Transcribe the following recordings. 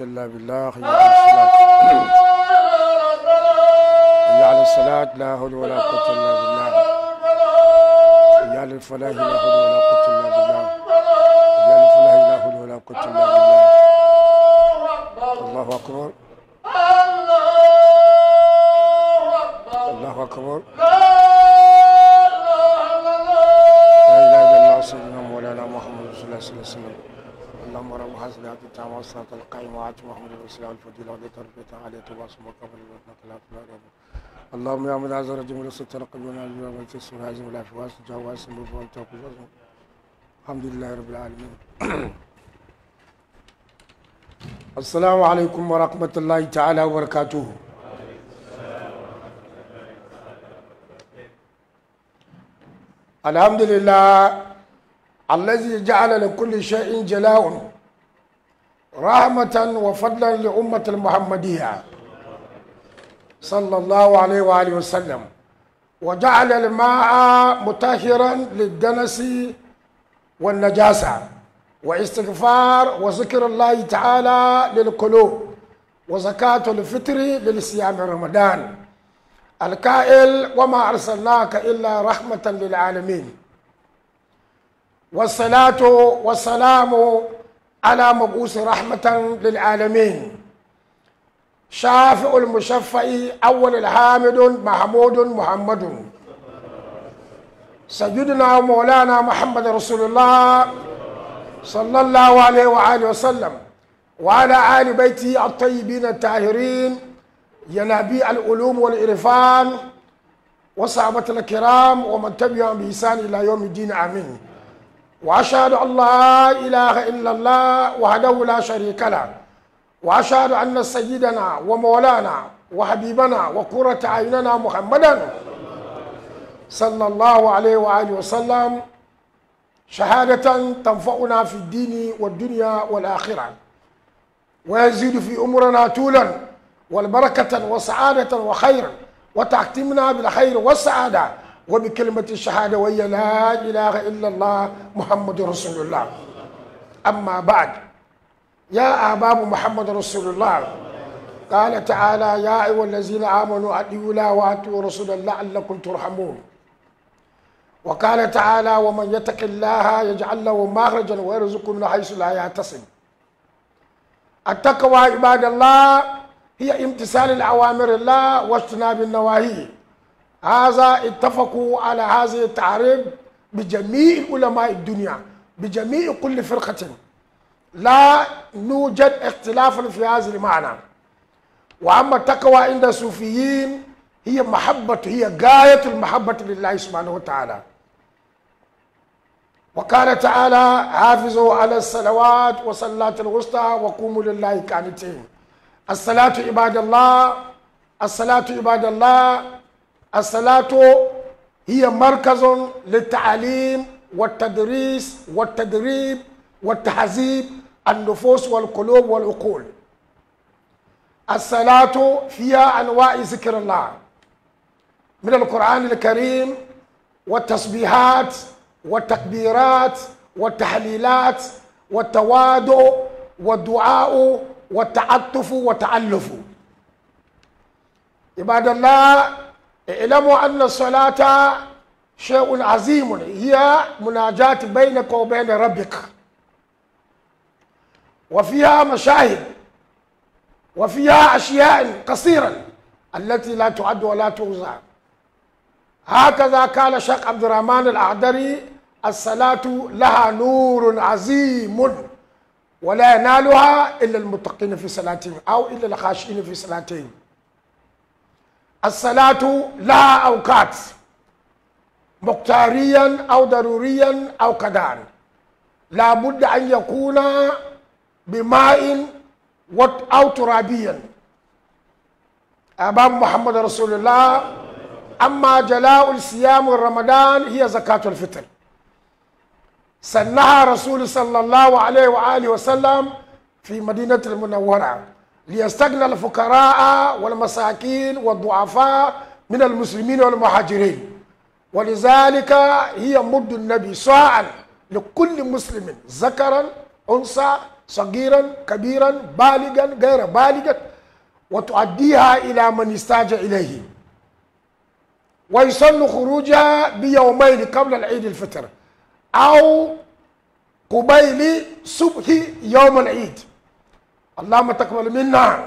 إلا بالله اجعل الصلاة لا حول ولا قوة إلا بالله اجعل الفلاح لا حول ولا قوة إلا بالله اجعل الفلاح لا حول ولا قوة إلا بالله الله أكبر الله أكبر لا إله إلا الله سيدنا مولانا محمد صلى الله عليه وسلم التامة الصلاة القائمة آت محمد الوسيلة والفضيلة وذكر الفتى عليه تباس مكبر الوطن خلاف الأريم اللهم يا من عزر جميل الستة رقبنا اليوم والتسر هازم العفو واسم جاه واسم بفوان توقف الحمد لله رب العالمين السلام عليكم ورحمة الله تعالى وبركاته الحمد لله الذي جعل لكل شيء جلاؤه rahmatan wa fadlan li ummatul muhammadiyya sallallahu alaihi wa alihi wasallam wa ja'ala al-ma'a mutahiran lid-danasi wan najasa wa istighfar wa zikrullahi ta'ala lil-qulub wa zakatul fitri lil-siyam ramadan الكائل وما أرسلناك إلا Wa للعالمين wa salamu. ana mabusin rahmatan lil'alamin shafi'ul mushaffa'i awwal alhamidun mahamudun muhammadun sajuduna maulana muhammad rasulullah sallallahu alaihi wa alihi wa sallam wa ala ali baiti at-tayyibin at-tahirin ya nabi al-ulum wal irfan wa sahabat al-kiram wa man tabi'ahum bi ihsan ila yawmiddin amin وأشهد أن لا إله إلا الله وحده لا شريك له وأشهد أن سيدنا ومولانا وحبيبنا وقرة عيننا محمدا صلى الله عليه وآله وسلم شهادة تنفعنا في الدين والدنيا والآخرة ويزيد في أمرنا طولا والبركة وسعادة وخير وتختمنا بالخير والسعادة وبكلمة الشهادة وهي لا إله إلا الله محمد رسول الله أما بعد يا أباب محمد رسول الله قال تعالى يا أيها الذين آمنوا أطيعوا الله وأطيعوا رسول الله لعلكم ترحمون وقال تعالى ومن يتق الله يجعل له مخرجا ويرزقه من حيث لا يحتسب التقوى عباد الله هي امتثال الأوامر الله واجتناب النواهي هذا اتفقوا على هذا التعريب بجميع علماء الدنيا بجميع كل فرقة لا نوجد اختلاف في هذا المعنى وأما التقوى عند الصوفيين هي محبة هي غاية المحبة لله سبحانه وتعالى وقال تعالى حافظوا على الصلوات وصلاة الوسطى وقوموا لله كانتين الصلاة عباد الله الصلاة عباد الله الصلاة هي مركز للتعليم والتدريس والتدريب والتحزيب النفوس والقلوب والعقول الصلاة فيها أنواع ذكر الله من القرآن الكريم والتسبيحات والتكبيرات والتحليلات والتواضع والدعاء والتعطف والتألف عباد الله اعلموا أن الصلاة شيء عظيم هي مناجاة بينك وبين ربك وفيها مشاهد وفيها أشياء قصيرا التي لا تعد ولا توزع هكذا قال الشيخ عبد الرحمن الأعدري الصلاة لها نور عظيم ولا ينالها إلا المتقين في صلاتهم أو إلا الخاشعين في صلاتهم الصلاة لها أوقات مقتاريا أو ضروريا أو قدان لا بد أن يكون بماء أو ترابيا أمام محمد رسول الله أما جلاء الصيام والرمضان هي زكاة الفطر سنها رسول صلى الله عليه وآله وسلم في مدينة المنورة ليستغنى الفقراء والمساكين والضعفاء من المسلمين والمهاجرين ولذلك هي مد النبي ساعة لكل مسلم ذكرا أنثى صغيرا كبيرا بالغا غير بالغا وتؤديها إلى من استاج إليه ويصل خروجها بيومين قبل العيد الفطر أو قبيل صبح يوم العيد اللهم تقبل منا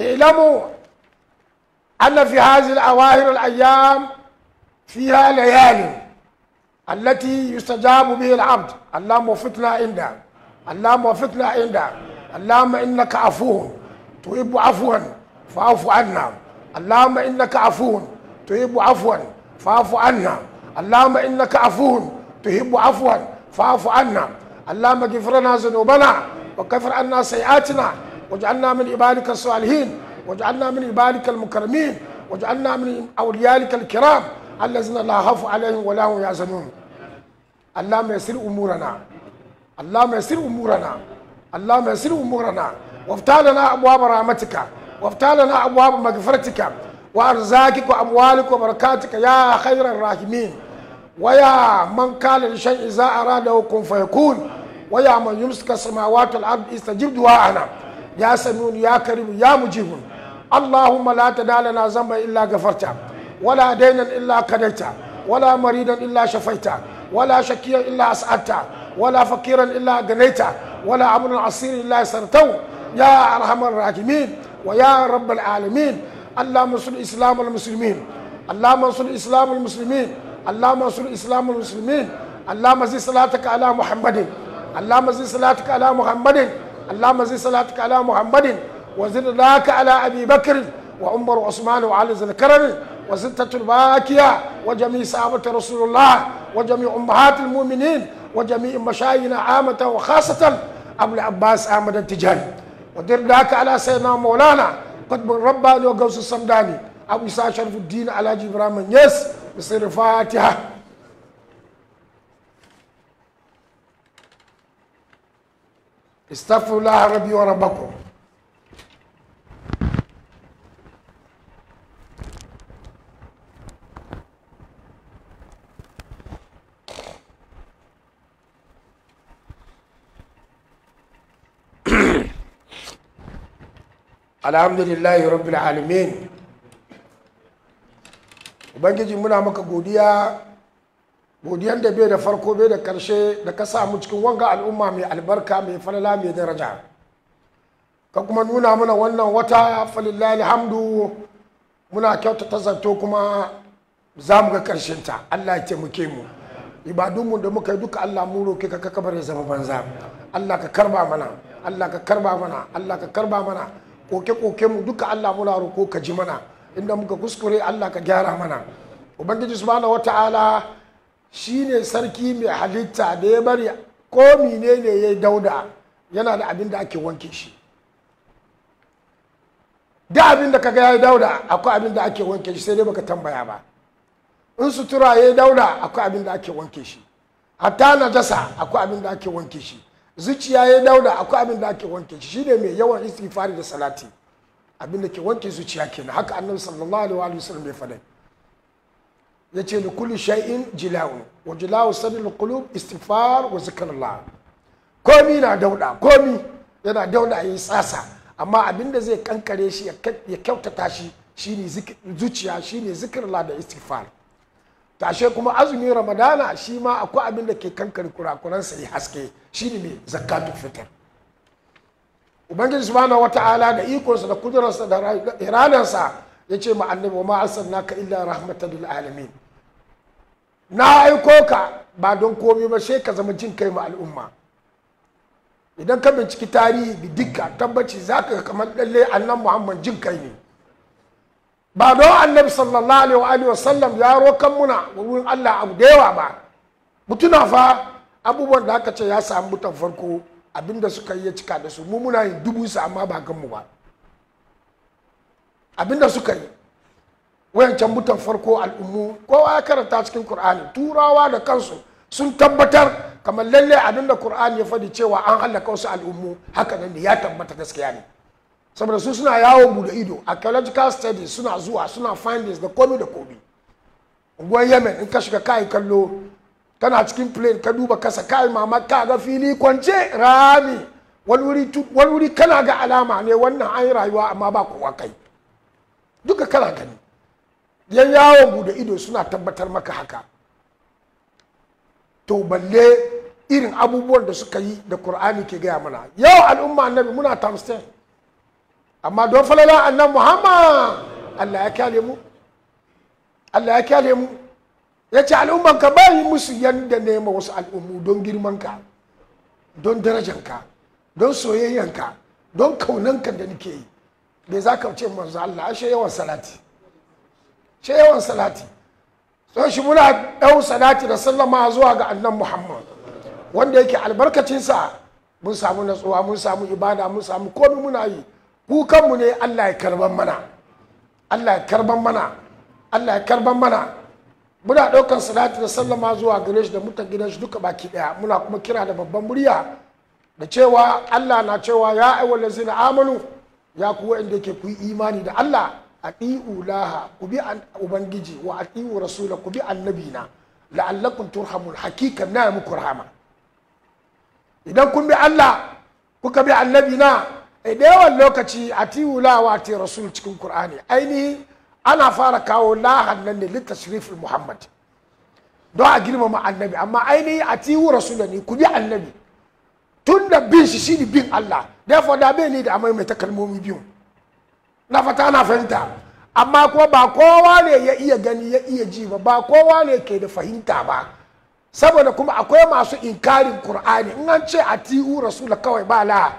اعلموا أن في هذه الأواخر الأيام فيها ليالي التي يستجاب به العبد اللهم وفقنا عندها اللهم وفقنا عندها اللهم إنك عفو تحب عفوا فاعف عنا اللهم إنك عفو تحب عفوا فاعف عنا اللهم إنك عفو تحب عفوا فاعف عنا اللهم اغفر لنا ذنوبنا وكفر عنا سيئاتنا واجعلنا من عبادك الصالحين واجعلنا من عبادك المكرمين واجعلنا من أوليائك الكرام الذين لا خوف عليهم ولا هم يحزنون اللهم يسر أمورنا اللهم يسر أمورنا اللهم يسر أمورنا وافتح لنا أبواب رحمتك وافتح لنا أبواب مغفرتك وأرزاقك وأموالك وبركاتك يا خير الراحمين ويا من قال لشيء إذا أراده كن فيكون waya man yumsika samawati wal ard istajib du'ana ya samiun ya karim ya mujibun allahumma la tada lana zamba illa gafarta wala dainan illa kadaita wala maridan illa shafaita wala shakiyan illa as'atta wala fakiran illa ganaita wala amrun asirin illa sartau arhamar أرحم الراحمين ويا رب العالمين اللهم انصر الإسلام والمسلمين اللهم انصر الإسلام والمسلمين اللهم انصر الإسلام والمسلمين اللهم زد صلاتك على محمد Allah mazi salatuka ala Muhammadin Allah mazi salatuka ala Muhammadin wa zidda ala Abi Bakr wa Umar wa Usman wa Ali Zulkarnain wa sittatul bakiya wa jami'i sahabati Rasulullah wa jami'i ummahatil mu'minin wa jami'i mashayina amata wa khassatan Abu Abbas Ahmad Tijan wa dirdaka ala sayyidina Maulana قطب الرباني وقوس السمداني أبو إساء Alhaji Ibrahim على جبرام النيس بصير فاتحة استغفر الله ربي وربكم الحمد لله رب العالمين وبنجي منا maka godiyar da bai da farko bai da karshe da ka samu cikin wanga al'umma mai albarka mai falala mai daraja ka kuma nuna mana wannan wata falillahi alhamdu muna kyautata zato kuma za mu ga karshen ta Allah ya taimake mu ibadunmu da muka yi duka Allah mu roke ka kaka ya zama banza Allah ka karba mana Allah ka karba mana Allah ka karba mana koke-koke mu duka Allah muna roko ka ji mana inda muka kuskure Allah ka gyara mana ubangiji subhanahu wataala shine sarki mai halitta da ya bari ko ne ne ya yi dauda yana da abin da ake wanke shi da abin da kaga ya yi dauda akwai abin da ake wanke shi sai dai baka tambaya ba in sutura ya yi dauda akwai abin da ake wanke shi hatta najasa akwai abin da ake wanke shi zuciya ya yi dauda akwai abin da ake wanke shi shine mai yawan istighfari da salati abin da ke wanke zuciya kenan haka annabi sallallahu alaihi wasallam ya faɗa ya ce da kulli shay'in jila'u wa jila'u sadil qulub istighfar wa zikrullah komi na dauda komi yana dauda yi tsasa amma abin da zai kankare shi ya kyautata shi ne zuciya shine zikrullah da istighfar tashe kuma azumin ramadana shi ma akwai abin da ke kankare kurakuransa ya haske ne mai zakatu fitar ubangiji subhanahu wata'ala da ikonsa da kudurarsa da iranarsa ya ce ma annabi wa ma arsalnaka illa rahmatan lil alamin na aiko ka ba don komi ba sai ka zama jin kai ma al'umma idan ka binciki tarihi bi dukka tabbaci za ka kamar lalle annan muhammad jin kai ne ba don annabi sallallahu alaihi wa sallam ya rokan muna wurin allah abu da yawa ba mutuna fa abubuwan da aka ce ya samu mutan farko abinda suka yi ya cika da su mu muna yin dubu su amma ba kanmu ba abinda suka yi Wayan can mutan farko al'ummu kowa ya karanta cikin Kur'ani turawa da kansu sun tabbatar kamar lalle abin da Kur'ani ya faɗi cewa an halaka wasu al'ummu haka nan ya tabbata gaskiya ne saboda su suna yawon bude ido archaeological studies suna zuwa suna findings da komi da komi unguwar yemen in ka shiga kai kallo kana cikin plane ka duba kasa kai mama ka ga fili kwance rami wani wuri kana ga alama ne wannan an yi rayuwa amma ba kowa kai duka kana gani yan yawon bude ido suna tabbatar maka haka to balle irin abubuwan da suka yi da Kur'ani ke gaya mana yau al'umma annabi muna tamstan amma don falala annan muhammad allah ya kyale mu allah ya kyale mu ya ce al'umman ka yi musu yadda nema wasu al'ummu don girmanka don darajanka don soyayyanka don kaunanka da nake yi bai za ka ce manzo allah ashe yawan salati ce yawan salati don shi muna ɗau salati da sallama zuwa ga annan muhammad wanda yake albarkacinsa mun samu natsuwa mun samu ibada mun samu komi muna yi kukanmu ne allah ya karban mana allah ya karban mana allah ya karban mana muna ɗaukar salati da sallama zuwa gare shi da mutan gidan shi duka baki ɗaya muna kuma kira da babban murya da cewa allah na cewa ya aiwa lazina amanu ya kuwa inda yake ku imani da allah ati'u laha ku bi ubangiji wa ati'u rasula ku bi annabina la'allakum turhamun hakikan na muku rahama idan kun bi Allah kuka bi annabina eh, da yawan lokaci ati'u laha wa ati'u rasul cikin Kur'ani, ainihi ana fara kawo lahan nan ne litashrif muhammad don a girmama annabi amma ainihi ati'u rasula ne ku bi annabi tun da bin shi shi bin Allah therefore da bai ne da amai mai takalmomi biyu na fata na fahimta amma kuma ba kowa ne ya iya gani ya iya ji ba ba kowa ne ke da fahimta ba saboda kuma akwai masu inkarin kur'ani in an ce a ti'u rasula kawai ba la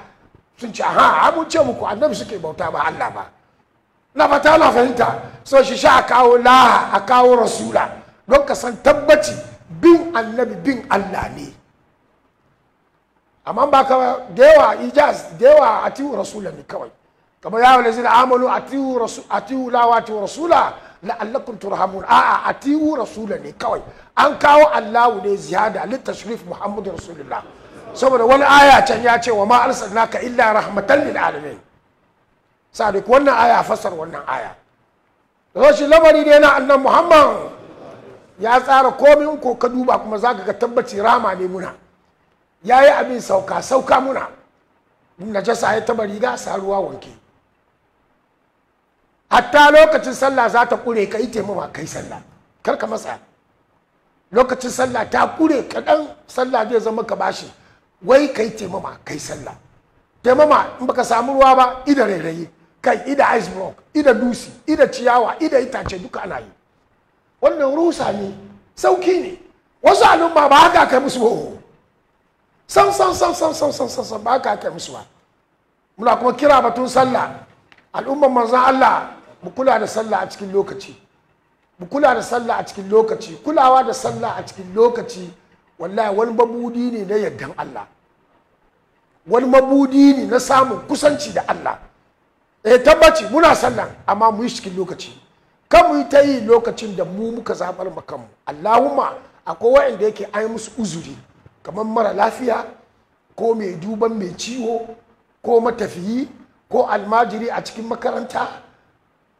sun ce ha mun ce muku annabi suke bauta ba Allah ba na fata na fahimta so shi sha a kawo laha a kawo rasula don ka san tabbaci bin annabi bin Allah ne amma ba kawai da ijaz da a ti'u rasula ne kawai kamar ya wale zina amalu a tiwu lawa tiwu rasula la'allakum turhamun a'a a tiwu rasula ne kawai an kawo allahu ne ziyada littashrif muhammadu rasulullah saboda wani aya can ya ce wa ma ka illa rahmatan lil alamin sadik wannan aya fasar wannan aya rashin lamari ne na annan muhammad ya tsara komai ko ka duba kuma zaka ga tabbaci rama ne muna ya yi abin sauka sauka muna najasa ya taba riga sa ruwa wanke hatta lokacin sallah za ta kure ka yi taimama kai sallah kar ka matsa lokacin sallah ta kure kaɗan sallah zai zama ka bashi wai kai taimama kai sallah taimama in baka samu ruwa ba ida rairayi kai ida ice block ida dusi ida ciyawa ida itace duka ana yi wannan rusa ne sauki ne wasu al'umma ba haka kai musu ba san san san san san san san ba haka kai musu ba muna kuma kira batun sallah al'umman manzan Allah mu kula da sallah a cikin lokaci mu kula da sallah a cikin lokaci kulawa da sallah a cikin lokaci wallahi wani mabudi ne na yardan Allah wani mabudi ne na samun kusanci da Allah eh tabbaci muna sallah amma mu yi cikin lokaci kan mu yi ta yi lokacin da mu muka zabar mu kanmu Allahumma akwai wa'anda yake ai musu uzuri kamar mara lafiya ko mai duban mai ciwo ko matafiyi ko almajiri a cikin makaranta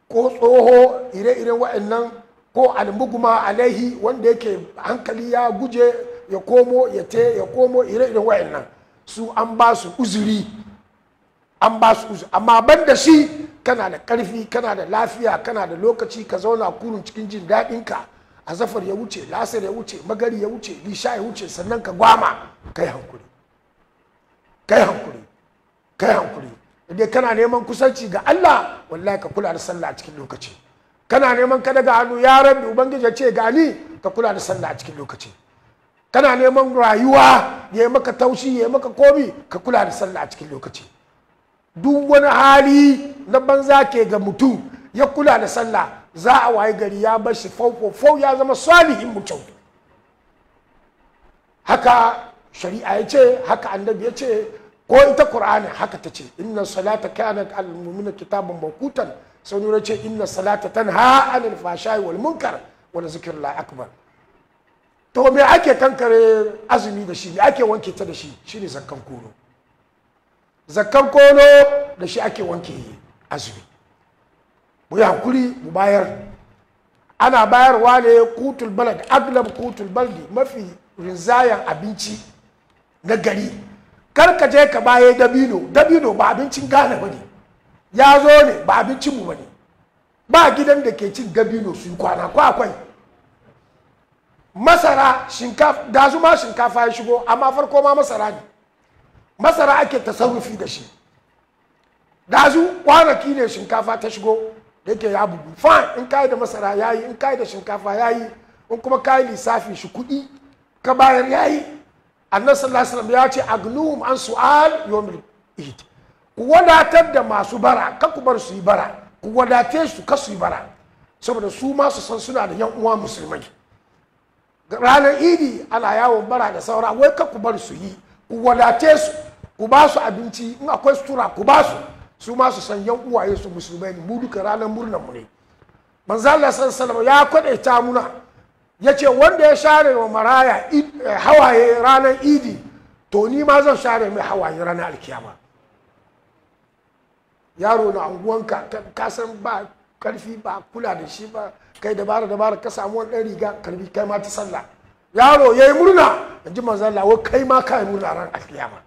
ko tsoho ire-ire wa'annan ko almuguma alaihi wanda yake hankali ya guje ya komo ya te ya komo ire-ire wa'annan su an ba su uzuri an ba su uzuri amma ban da shi kana da karfi kana da lafiya kana da lokaci ka zauna kurun cikin jin daɗinka a zafar ya wuce lasar ya wuce magari ya wuce lisha ya wuce sannan ka gwama kai hankuri kai hankuri kai hankuri dai kana neman kusanci ga Allah wallahi ka kula da sallah a cikin lokaci kana neman ka daga hannu ya rabbi ubangiji ya ce gani ka kula da sallah a cikin lokaci kana neman rayuwa ya yi maka taushi ya yi maka komi ka kula da sallah a cikin lokaci duk wani hali na banza ke ga mutum ya kula da sallah za a waye gari ya bar shi faufofau ya zama salihin mutum haka shari'a ya ce haka annabi ya ce ko ita qur'ani haka ta ce inna salata kanat al mu'mina kitaban mawqutan sai nuna ce inna salata tanha anil fashai wal munkar wa zikrullahi akbar to me ake kankare azumi da shi me ake wanke ta da shi shine zakkan kono zakkan kono da shi ake wanke azumi mu yi hakuri mu bayar ana bayarwa ne kutul balad aglab kutul baldi mafi rinzayan abinci na gari kar ka je ka baye dabino dabino ba abincin gane ba ne ya zo ne ba abincin mu ba ne ba gidan da ke cin dabino su kwana ko masara shinkafa da ma shinkafa ya shigo amma farko ma masara ne masara ake ta tasarrufi da shi dazu kwanaki ne shinkafa ta shigo da yake ya bugu fine in kayi da masara yayi in kayi da shinkafa yayi in kuma yi lissafi shi kuɗi ka bayar yayi annabi sallallahu alaihi ya ce agnuhum an su'al yawmil id ku wadatar da masu bara kan ku bar su yi bara ku wadate su ka su yi bara saboda su ma su san suna da yan uwa musulmai ranar idi ana yawon bara da saura wai ka ku bar su yi ku wadate su ku ba su abinci in akwai sutura ku ba su su ma su san yan uwaye su musulmai ne mu duka ranar murnar mu ne manzo Allah sallallahu alaihi wasallam ya kwadaita muna ya ce wanda ya share wa maraya eh, hawaye ranar idi to ni ma zan share mai hawaye ranar alkiyama yaro na unguwanka ka san ba karfi ba kula da shi ba kai dabara dabara ka samu wani riga karbi kai ma ta sallah yaro ya yi murna in ji manzan lawo kai ma ka yi murna ran alkiyama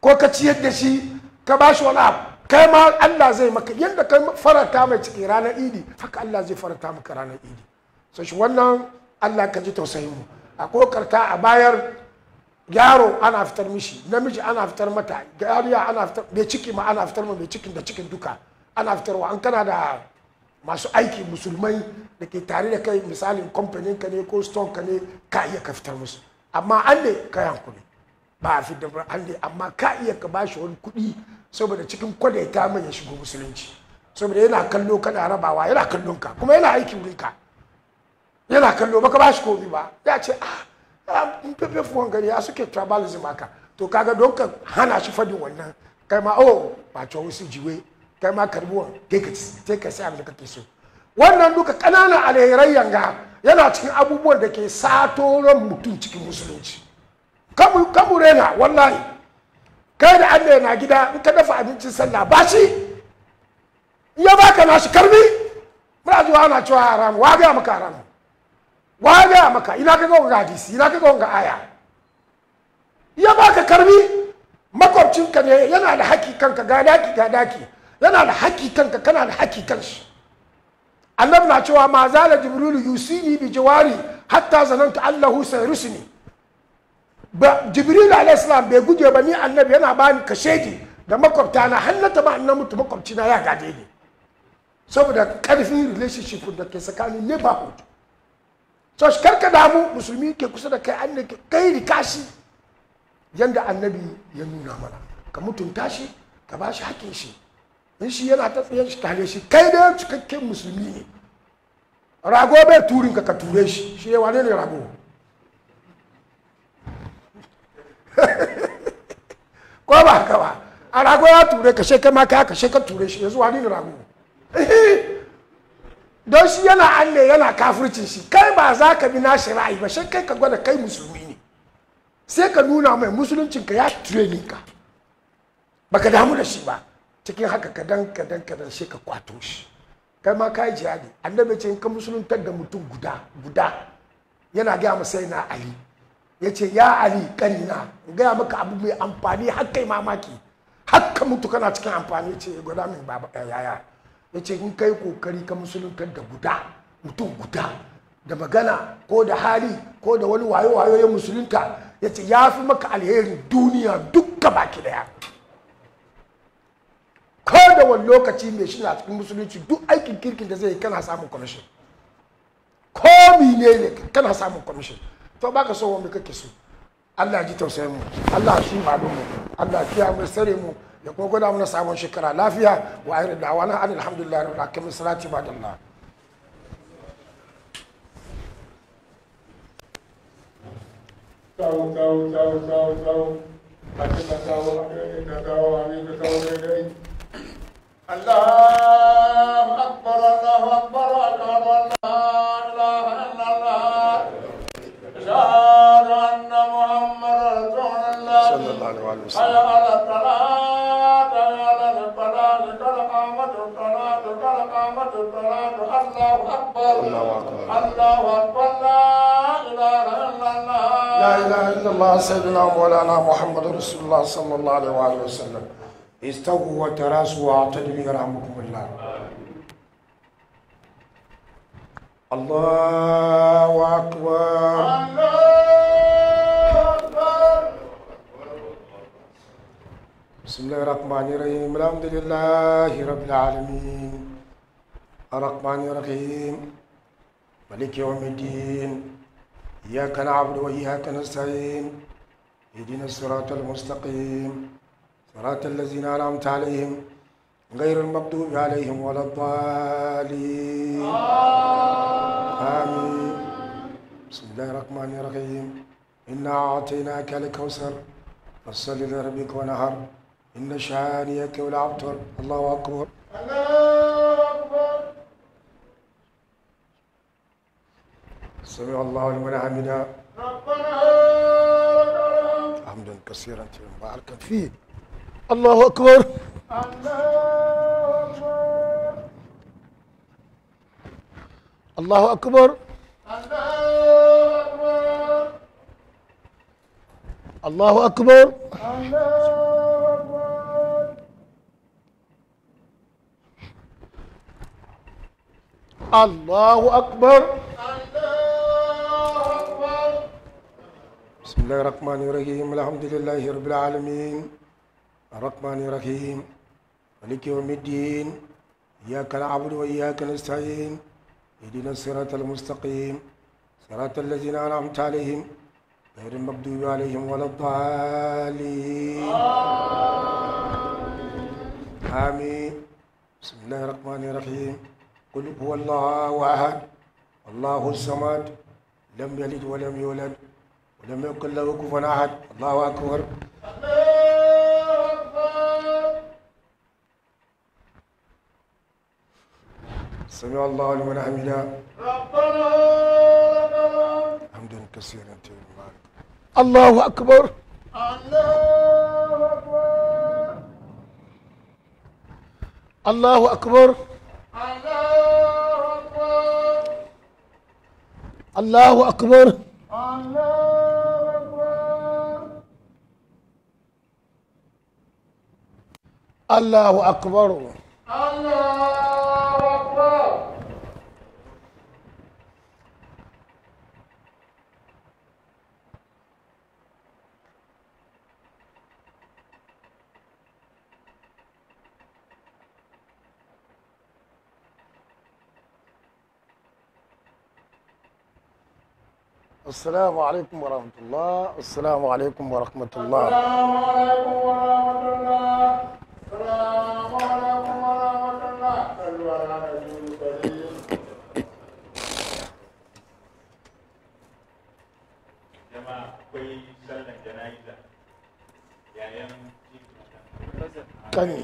ko ka ciyar da shi ka ba shi wani abu kai ma Allah zai maka yadda kai farata mai ciki ranar idi haka Allah zai farata maka ranar idi sai shi wannan Allah ka ji tausayin mu a kokarta a bayar yaro ana fitar mishi namiji ana fitar mata gariya ana fitar mai ciki ma ana fitar mai cikin da cikin duka ana fitarwa an kana da masu aiki musulmai da ke tare da kai misalin kamfanin ka ne ko stone ka ne ka iya ka fitar musu amma an ne ka ne ba a fitar ba an ne amma ka iya ka ba shi wani kuɗi saboda cikin kwadaita mai ya shigo musulunci saboda yana kallo kana rabawa yana kallon ka kuma yana aikin wurin yana kallo baka ba shi komi ba ya ce ah pepe fuwan gari ya suke tribalism haka to kaga don ka hana shi fadin wannan kai ma oh ba cewa wasu jiwe kai ma karbuwan kai ka sai abin da kake so wannan duka ƙananan alherai yanga yana cikin abubuwan da ke sato ran mutum cikin musulunci kamu rena wallahi kai da allah yana gida in ka dafa abincin sallah ba shi ya baka nashi karbi ba zuwa ana cewa haram wa gaya maka haram wa ya gaya maka ina ka ga hadisi ina ka ga aya ya baka karbi makwabcinka ne yana da haki kanka ga daki ga daki yana da haki kanka kana da haki kansu annabi na cewa ma zala jibril yusini bi jawari hatta zanantu allahu sayrusni ba jibril alayhi salam bai guje ba ni annabi yana bani kashedi da makwabta na hannata ba annabi mutu makwabci na ya gade ni saboda karfin relationship da ke tsakanin neighborhood so shi karka damu musulmi ke kusa da kai an da kai da kashi yanda annabi ya nuna mana ka mutunta shi ka ba shi hakin shi in shi yana ta tsayen shi tare shi kai da cikakken musulmi ne rago bai turin ka ka ture shi shi ya wane ne rago ko ba ka ba a rago ya ture ka sai kai ma ka ka sai ka ture shi yanzu wane ne rago don shi yana alle yana kafircin shi kai ba za ka bi nashi ra'ayi ba sai kai ka gwada kai musulmi ne sai ka nuna mai musuluncin ka ya training ka ka damu da shi ba cikin haka ka kadan kadan dan ka kwato shi kai ma kai jihadi annabi ce in ka musuluntar da mutum guda guda yana gaya sai na ali ya ce ya ali kanina gaya maka abu mai amfani har kai mamaki har ka mutu kana cikin amfani ce gwada min baba eh, yaya ya ce in kai kokari ka musuluntar da guda mutum guda da magana ko da hali ko da wani wayo-wayo ya musulunta ya ce ya fi maka alherin duniya dukka baki daya ko da wani lokaci mai shi na cikin musulunci duk aikin kirkin da zai kana samun kwamishin ko mine ne kana samun kwamishin to baka so wanda kake so Allah ji tausayin mu Allah shi malum'u mu Allah kiyaye sare mu يقول قدام نصعب شكرا لا فيها وعير الدعوانة أنا الحمد لله رب العالمين من صلاة بعد الله أشهد أن رسول الله صلى الله عليه وسلم على الصلاة على الصلاة الصلاة الله أكبر الله أكبر الله أكبر لا إله إلا الله لا إله إلا الله سيدنا مولانا محمد رسول الله صلى الله عليه وسلم استغوا وتراسوا واعتدلوا يرحمكم الله الله أكبر الله أكبر بسم الله الرحمن الرحيم الحمد لله رب العالمين الرحمن الرحيم ملك يوم الدين إياك نعبد وإياك نستعين اهدنا الصراط المستقيم صراط الذين أنعمت عليهم غير المغضوب عليهم ولا الضالين آمين بسم الله الرحمن الرحيم إنا أعطيناك الكوثر فصل لربك ونهر إن شانيك والعبتر الله أكبر الله أكبر سمع الله لمن حمده ربنا الحمد حمدا كثيرا مباركا فيه الله أكبر الله أكبر الله أكبر الله أكبر بسم الله الرحمن الرحيم الحمد لله رب العالمين الرحمن الرحيم ملك يوم الدين إياك نعبد وإياك نستعين اهدنا الصراط المستقيم صراط الذين أنعمت عليهم غير المغضوب عليهم ولا الضالين آمين بسم الله الرحمن الرحيم قل هو الله أحد الله الصمد لم يلد ولم يولد ولم يكن له كفوا أحد الله أكبر سمع الله لمن حمده ربنا لك الحمد حمدا كثيرا طيبا الله اكبر الله اكبر الله اكبر الله اكبر الله اكبر الله اكبر الله اكبر الله السلام عليكم ورحمة الله السلام عليكم ورحمة الله السلام عليكم ورحمة الله السلام عليكم ورحمة الله جماعة كويس سنة جنائزة يا يوم كني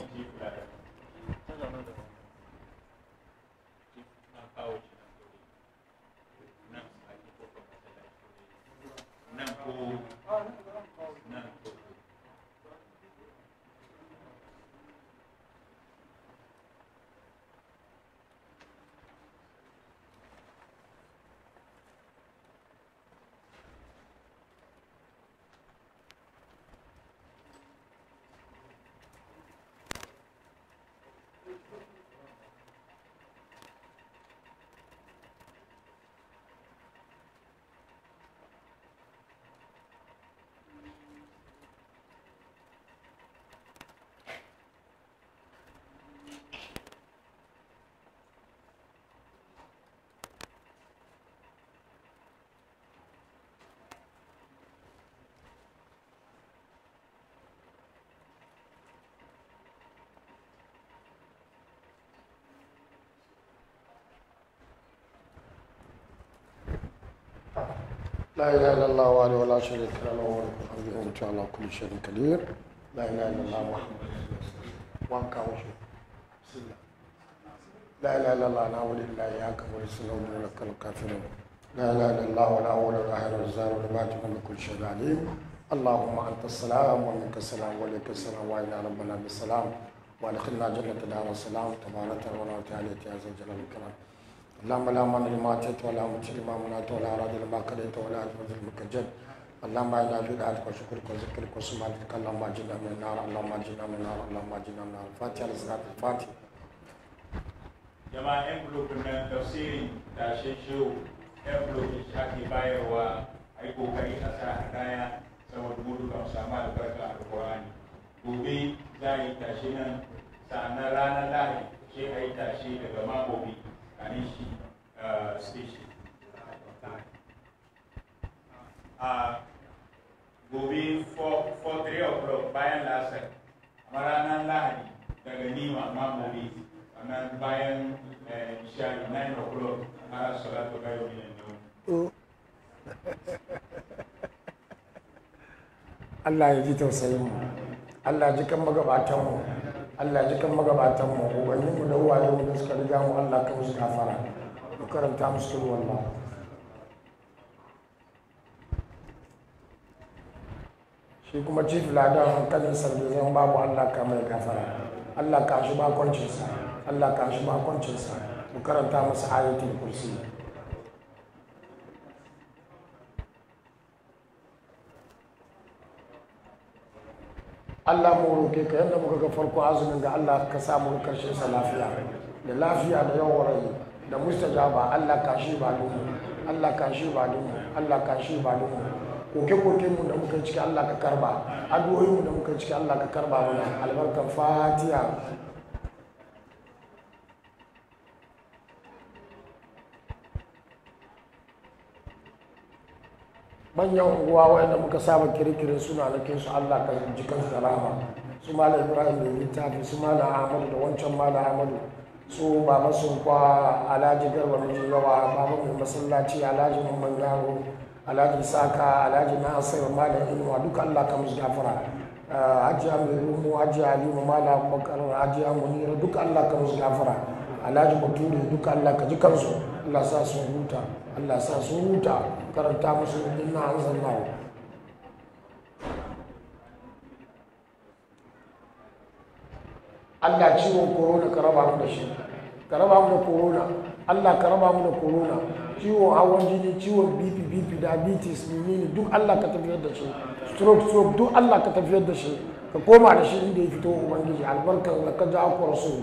لا إله إلا الله وحده ولا شريك له له ان شاء الله كل شيء كبير لا إله إلا الله محمد وأنك وشهد بسم الله لا إله إلا الله أنا أولي الله إياك ورسول لك الكافرون لا إله إلا الله ولا أول ولا آخر ولا زال ولا ماتم من كل شيء عليم اللهم أنت السلام ومنك السلام وإليك السلام وإلى ربنا بالسلام وأدخلنا جنة دار السلام تبارك وتعالى يا ذا الجلال والكرام اللهم لا مانع لما اعطيت ولا مؤتي لما منعت ولا اراضي لما قضيت ولا اثبت المكجد اللهم انا في وشكرك وذكرك وسمعتك اللهم اجنا من النار اللهم اجنا من النار اللهم اجنا من النار الفاتحه لصلاه الفاتحه jama'a yan bulofin nan tafsiri da shehu yan bulofin shi ake bayarwa a yi kokari a sa hadaya saboda mudu kan da barka a alkurani gobe za a yi tashe nan sa'annan ranar lahadi sai a yi tashe daga magobi Karishi uh, station uh, time. Uh, gobe 4 bayan lasar a nan lahadi daga nima amma gobe wannan bayan ishari eh, 9 o'clock mara salatu ga yau minan yau Allah ya ji tausayin mu Allah ji kan magabatanmu Allah ji kan magabatan mu ubanni mu da uwaye mu da suka riga mu Allah ka musu gafara mu karanta musu sura wallah shi kuma chief ladan kanin zan babu Allah ka mai gafara Allah ka shi ba kwancinsa Allah ka shi ba kwancinsa mu karanta musu ayatul kursi Allah mu roke ka yadda muka ga farko azumin ga Allah ka samu karshen sa lafiya da lafiya da yawan rai da mustajaba Allah ka shi ba dumu Allah ka shi ba dumu Allah ka shi ba dumu koke koke mu da muka ciki Allah ka karba addu'o'i mu da muka ciki Allah ka karba mu albarkar Fatiha manyan unguwa wayanda muka saba kirkirin suna lakin su Allah ka ji kan da su mala Ibrahim da littafi su mala Ahmadu da wancan mala Ahmadu su ba masu kwa Alhaji Garba da Jigawa baba mai masallaci Alhaji Mamman Yaro Alhaji Saka Alhaji Nasir mala Inuwa duka Allah ka musu gafara ah, hajji amiru hajji alimu mala bakar hajji amunira duka allah ka musu gafara alhaji baturi duka allah ka ji kansu Allah sa su huta Allah sa su huta karanta musu inna anzalnahu Allah ciwon corona ka raba mu da shi ka raba mu da corona Allah ka raba mu da corona ciwon hawan jini ciwon bp bp diabetes menene duk Allah ka tafiyar da shi stroke stroke duk Allah ka tafiyar da shi ka koma da shi inda ya fito ubangiji albarkar da ka ja ku rasul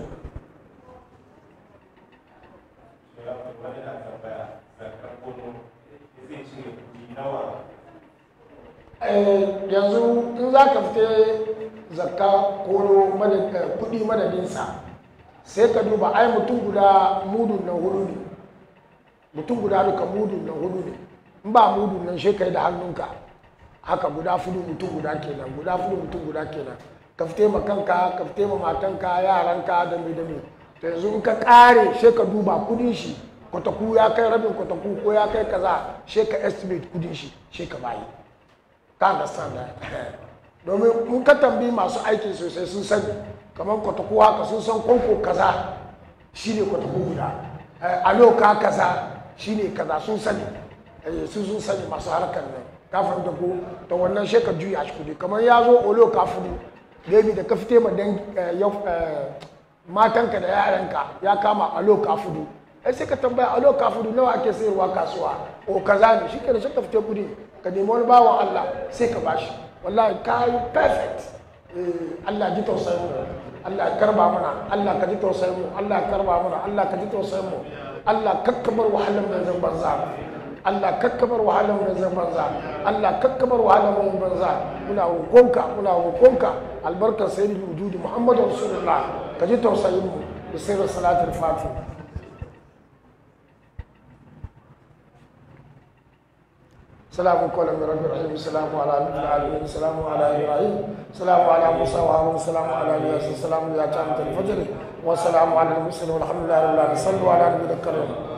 Eh, yanzu in za ka fita zakka kono eh, kudi madadinsa sai ka duba ai mutum guda mudun na hudu ne mutum guda duka mudun na hudu ne in ba mudun nan shekai da hannunka haka guda fudu mutum guda kenan guda fudu mutum guda kenan ka fita ma kanka ka fita ma matanka yaranka da mai da mai to yanzu in ka kare sai ka duba kudin shi kwataku ya kai rabin kwataku ko ya kai kaza she ka estimate kudin shi she ka bayi ka da sanda domin in ka tambi masu aiki sosai sun san kamar kwataku haka sun san kwanko kaza shine kwataku guda eh, loka kaza shine kaza sun sani eh, sun sun sani masu harkar nan ka fahimta ko ta wannan she ka juya shi kudi kamar ya zo olo ka fudu da da ka fite ma eh, matanka da yaranka ya kama aloka fudu ai sai ka tambaya a lokacin kafin nawa ake sayarwa kasuwa o kaza ne shi kenan shakka fita guri ka nemi wani bawan Allah sai ka bashi wallahi ka yi perfect Allah ji tausayin mu Allah ya karba mana Allah ka ji tausayin mu Allah ya karba mana Allah ka ji tausayin mu Allah kakkabar wahalar da zan banza Allah kakkabar wahalar da zan banza Allah kakkabar wahalar da banza muna roƙonka muna roƙonka albarkar sayyidul wujudi Muhammadu rasulullah ka ji tausayin mu bi sirri salatul fatiha سلام قولا من رب العالمين سلام على نوح العالمين سلام على ابراهيم سلام على موسى وهارون سلام على الياس سلام يا جامع الفجر وسلام على المسلمين الحمد لله رب العالمين صلوا على النبي الكريم